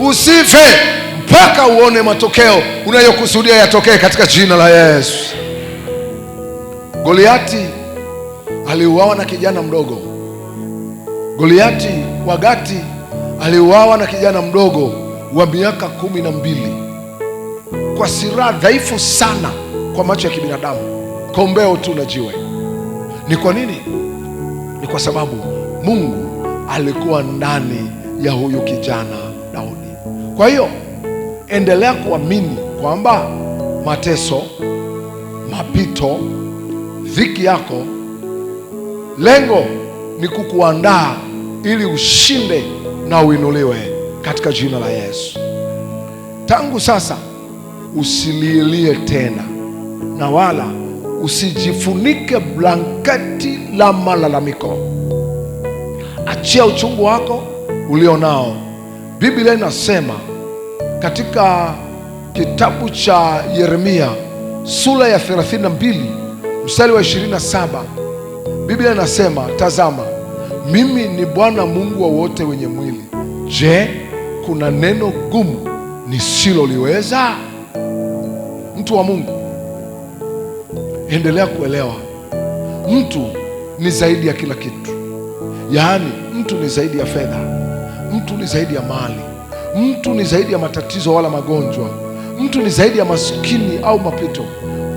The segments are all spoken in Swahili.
usife mpaka uone matokeo unayokusudia yatokee katika jina la Yesu. Goliati aliuawa na kijana mdogo. Goliati wa Gati aliuawa na kijana mdogo wa miaka kumi na mbili kwa siraha dhaifu sana kwa macho ya kibinadamu, kombeo tu na jiwe. Ni kwa nini? Ni kwa sababu Mungu alikuwa ndani ya huyu kijana. Kwa hiyo endelea kuamini kwamba mateso, mapito, dhiki yako, lengo ni kukuandaa ili ushinde na uinuliwe katika jina la Yesu. Tangu sasa usiliilie tena na wala usijifunike blanketi la malalamiko. Achia uchungu wako ulio nao. Biblia inasema katika kitabu cha Yeremia sura ya 32 mstari wa 27, Biblia inasema tazama, mimi ni Bwana Mungu wa wote wenye mwili. Je, kuna neno gumu nisiloliweza? Mtu wa Mungu, endelea kuelewa, mtu ni zaidi ya kila kitu, yaani mtu ni zaidi ya fedha Mtu ni zaidi ya mali, mtu ni zaidi ya matatizo wala magonjwa, mtu ni zaidi ya masikini au mapito.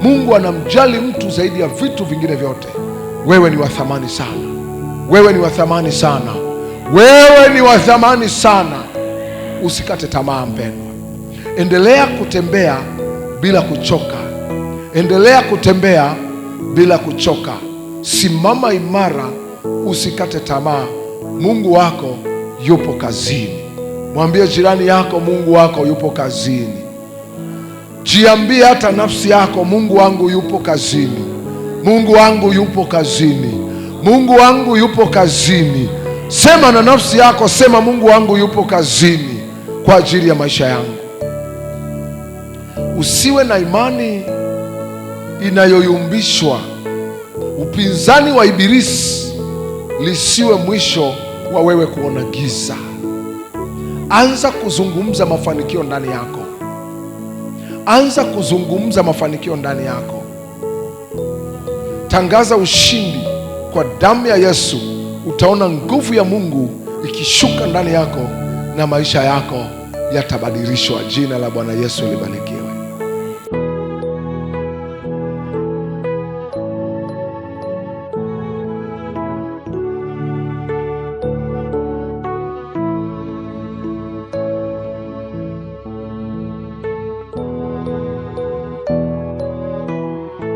Mungu anamjali mtu zaidi ya vitu vingine vyote. Wewe ni wa thamani sana, wewe ni wa thamani sana, wewe ni wa thamani sana. Usikate tamaa mpendwa, endelea kutembea bila kuchoka, endelea kutembea bila kuchoka. Simama imara, usikate tamaa. Mungu wako yupo kazini. Mwambie jirani yako, Mungu wako yupo kazini. Jiambie hata nafsi yako, Mungu wangu yupo kazini, Mungu wangu yupo kazini, Mungu wangu yupo kazini. Sema na nafsi yako, sema Mungu wangu yupo kazini kwa ajili ya maisha yangu. Usiwe na imani inayoyumbishwa. Upinzani wa Ibilisi lisiwe mwisho kwa wewe kuona giza. Anza kuzungumza mafanikio ndani yako, anza kuzungumza mafanikio ndani yako. Tangaza ushindi kwa damu ya Yesu. Utaona nguvu ya Mungu ikishuka ndani yako na maisha yako yatabadilishwa. Jina la Bwana Yesu libariki.